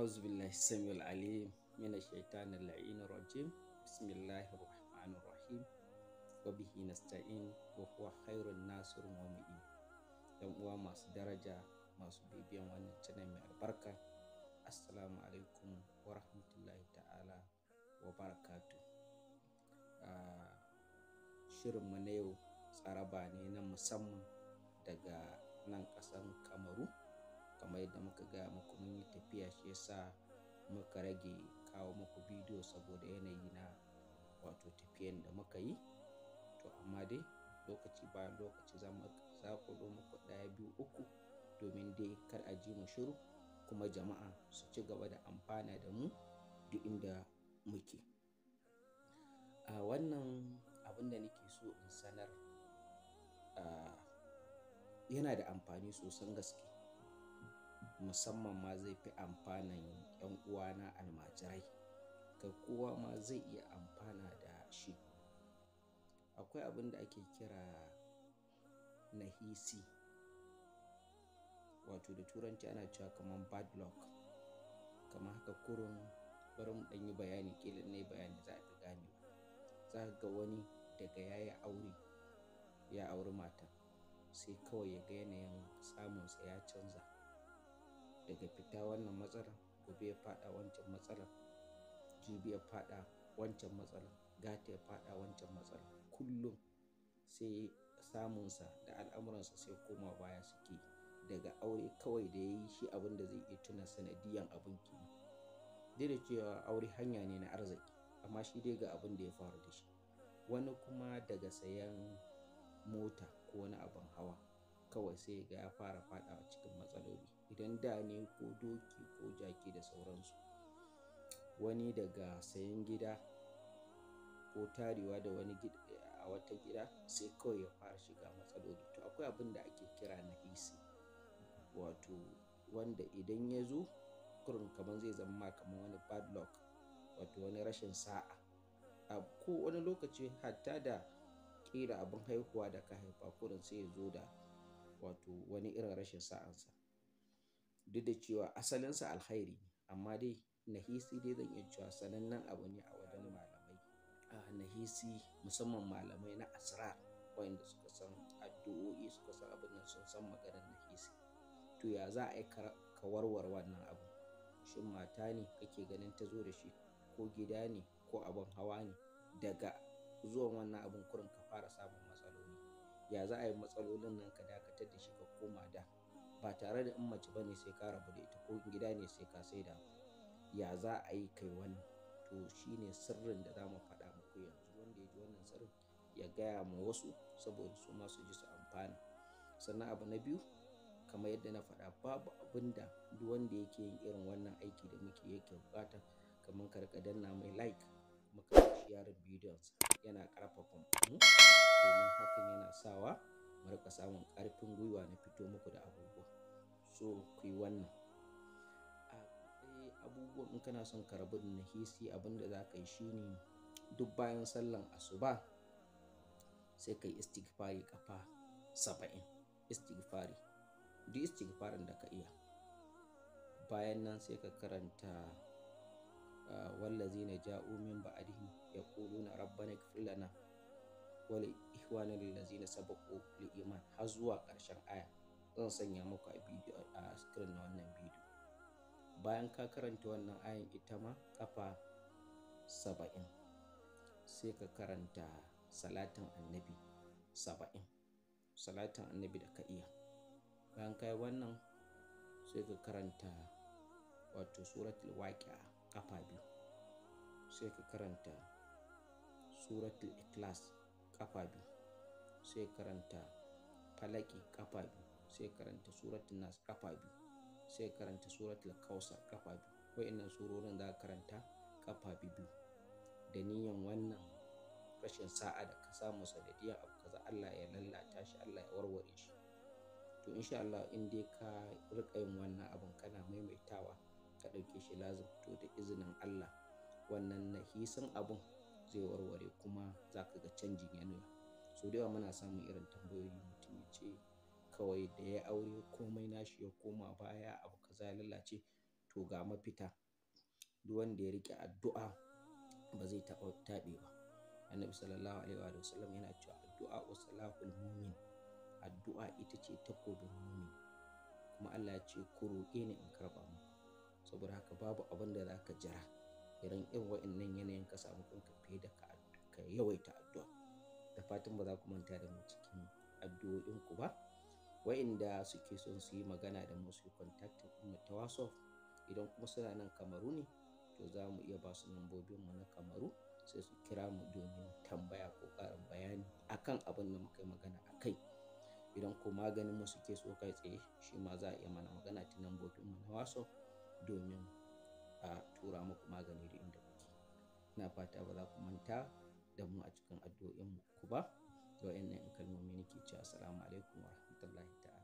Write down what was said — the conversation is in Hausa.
أعوذ بالله السميع العليم من الشيطان اللعين الرجيم بسم الله الرحمن الرحيم وبه نستعين وهو خير الناصر المؤمنين yan uwa masu daraja masu bibiyan wannan channel mai albarka assalamu alaikum wa rahmatullahi ta'ala wa barakatu mu na yau tsaraba ne na musamman daga nan ƙasan kamaru kamar yadda muka gaya muku mun yi tafiya shi yasa muka rage kawo muku bidiyo saboda yanayi na wato tafiyan da muka yi to amma dai lokaci bayan lokaci za ku ɗo muku ɗaya biyu uku domin dai kar a ji mu shiru kuma jama'a su ci gaba da amfana da mu duk inda muke a wannan abin da nake so in sanar yana da amfani sosan gaske musamman ma zai fi amfanan 'yan uwana almajirai ga kowa ma zai iya amfana da shi akwai abin da ake kira nahisi wato da turanci ana cewa kamar bad luck kamar haka kurun bari mu ɗan yi bayani ƙila ne bayanin bayani za a fi gane. za ga wani daga ya yi aure ya auri mata sai kawai ya ga yanayin samun samunsa ya canza daga fita wannan matsalar gobe ya faɗa wancan matsalar jibi faɗa wancan matsalar gata ya faɗa wancan matsalar kullum sai samunsa da al'amuransa sai koma baya suke daga aure kawai da ya yi shi abin da zai iya tuna sanadiyan abin ke duk da cewa aure hanya ne na arziki amma shi dai ga abin da ya faru da shi wani kuma daga sayan mota ko wani abin hawa kawai sai ga ya fara faɗawa cikin matsaloli idan da ne ko doki ko jaki da sauransu wani daga sayan gida ko tarewa da wani a wata gida sai kawai ya fara shiga matsaloli to akwai abin da ake kira na hisi wato wanda idan ya zo kurin kamar zai zama kamar wani bad luck wato wani rashin sa'a a ko wani lokaci hatta da ƙira abin haihuwa da ka haifa kurin sai ya zo da wato wani irin rashin sa'ansa duk da cewa asalinsa alkhairi amma dai nahisi dai zan iya cewa sanannen abu ne a wajen malamai a nahisi musamman malamai na asira. wanda suka san addu'o'i suka san abin nan sun san maganar nahisi to ya za a yi kawarwar wannan abu shin mata ne kake ganin ta zo da shi ko gida ne ko abin hawa ne daga zuwan wannan abin kurin ka fara samun matsaloli ya za a yi matsalolin nan ka dakatar da shi ka koma da ba tare da in mace ba ne sai ka rabu da ita ko gida ne sai ka saida ya za a yi kai wannan to shi ne sirrin da za mu faɗa muku yanzu wanda ya ji wannan sirrin ya gaya ma wasu saboda su ma su ji su amfana sannan abu na biyu kamar yadda na faɗa babu abin da duk wanda yake yin irin wannan aiki da muke yake bukata kamar ka rika danna mai like kuma ka bidiyonsa yana ƙarfafa mu domin hakan yana sawa mu rika samun ƙarfin gwiwa na fito muku da abubuwa so ku yi wannan eh, abubuwan in kana son ka rabu da nahisi abin da za ka yi shine duk bayan sallan asuba sai ka yi istighfari kafa saba'in istighfari duk istighfarin da ka iya bayan nan sai ka karanta ah, wallazi na ja'u min ba'adihim yaquluna rabbana ighfir lana wani ihwana lillazi na sabaku iman har zuwa ƙarshen aya zan sanya muku a bidiyo a screen na wannan bidiyo bayan ka karanta wannan ayan ita ma kafa saba'in sai ka karanta salatin annabi saba'in salatin annabi da ka iya bayan ka yi wannan sai ka karanta wato suratul waƙi'a kafa biyu sai ka karanta suratul ikhlas kafa biyu sai karanta falaki kafa biyu sai karanta suratul nas kafa biyu sai karanta suratul kausar kafa biyu wa'annan surorin za ka karanta kafa biyu da niyan wannan rashin sa'a da ka samu sanadiyan abu kaza Allah ya lallata shi Allah ya warware shi to insha Allah in dai ka riƙa yin wannan abin kana maimaitawa ka ɗauke shi lazim to da izinin Allah wannan nahisan abun zai warware kuma za ka ga canjin yanayi so da yawa muna samun irin tambayoyi mutum ya ce kawai da ya yi aure komai nashi ya koma baya abu kaza ya lalace to ga mafita duk wanda ya rike addu'a ba zai taɓa taɓe ba annabi sallallahu alaihi wa sallam yana cewa addu'a usalahul mumin addu'a ita ce takobin mumin kuma Allah ya ce ku roƙe ni in karɓa mu saboda haka babu abin da zaka jira irin irin wa'annan yanayin ka samu kanka fiye da ka yawaita addu'a da fatan ba za ku manta da mu cikin addu'o'in ku ba wa'inda suke son su yi magana da mu su mu ta WhatsApp idan kuma suna nan kamaru ne to za mu iya ba su lambobin mu na kamaru sai su kira mu domin tambaya ko ƙarin bayani akan abin da muka yi magana a kai idan ko maganin mu suke so kai tsaye shi ma za a iya mana magana ta lambobin mu na WhatsApp domin a tura muku magani da inda kuke ina fata ba za ku manta da mu a cikin addu'o'in ku ba da wayannan kalmomi nake cewa assalamu alaikum wa rahmatullahi ta'ala